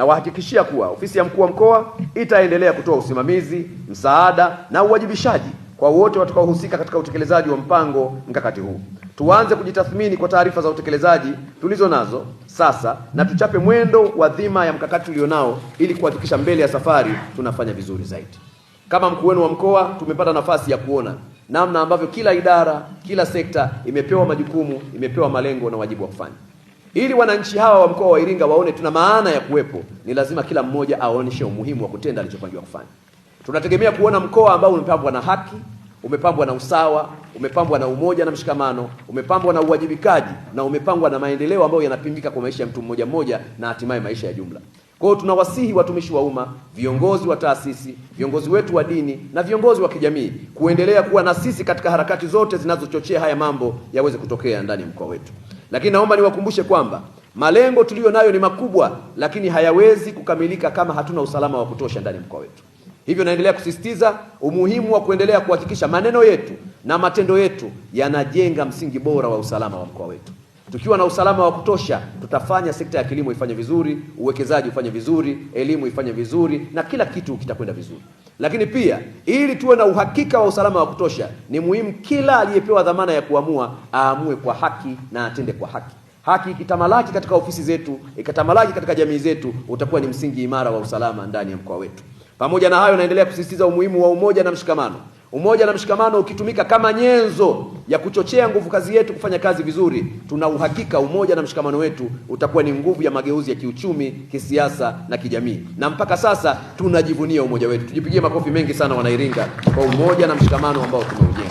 Nawahakikishia kuwa ofisi ya mkuu wa mkoa itaendelea kutoa usimamizi, msaada na uwajibishaji kwa wote watakaohusika katika utekelezaji wa mpango mkakati huu. Tuanze kujitathmini kwa taarifa za utekelezaji tulizo nazo sasa na tuchape mwendo wa dhima ya mkakati ulionao ili kuhakikisha mbele ya safari tunafanya vizuri zaidi. Kama mkuu wenu wa mkoa, tumepata nafasi ya kuona namna ambavyo kila idara, kila sekta imepewa majukumu, imepewa malengo na wajibu wa kufanya ili wananchi hawa wa mkoa wa Iringa waone tuna maana ya kuwepo, ni lazima kila mmoja aoneshe umuhimu wa kutenda alichopangiwa kufanya. Tunategemea kuona mkoa ambao umepambwa na haki, umepambwa na usawa, umepambwa na umoja na mshikamano, umepambwa na uwajibikaji na umepambwa na maendeleo ambayo yanapimika kwa maisha ya mtu mmoja mmoja na hatimaye maisha ya jumla. Kwa hiyo tunawasihi watumishi wa umma, viongozi wa taasisi, viongozi wetu wa dini na viongozi wa kijamii kuendelea kuwa na sisi katika harakati zote zinazochochea haya mambo yaweze kutokea ndani ya mkoa wetu. Lakini naomba niwakumbushe kwamba malengo tuliyo nayo ni makubwa, lakini hayawezi kukamilika kama hatuna usalama wa kutosha ndani ya mkoa wetu. Hivyo naendelea kusisitiza umuhimu wa kuendelea kuhakikisha maneno yetu na matendo yetu yanajenga msingi bora wa usalama wa mkoa wetu. Tukiwa na usalama wa kutosha, tutafanya sekta ya kilimo ifanye vizuri, uwekezaji ufanye vizuri, elimu ifanye vizuri, na kila kitu kitakwenda vizuri. Lakini pia ili tuwe na uhakika wa usalama wa kutosha, ni muhimu kila aliyepewa dhamana ya kuamua aamue kwa haki na atende kwa haki. Haki ikitamalaki katika ofisi zetu, ikatamalaki katika jamii zetu, utakuwa ni msingi imara wa usalama ndani ya mkoa wetu. Pamoja na hayo, naendelea kusisitiza umuhimu wa umoja na mshikamano Umoja na mshikamano ukitumika kama nyenzo ya kuchochea nguvu kazi yetu kufanya kazi vizuri, tuna uhakika umoja na mshikamano wetu utakuwa ni nguvu ya mageuzi ya kiuchumi, kisiasa na kijamii. Na mpaka sasa tunajivunia umoja wetu. Tujipigie makofi mengi sana, Wanairinga, kwa umoja na mshikamano ambao tumeujenga.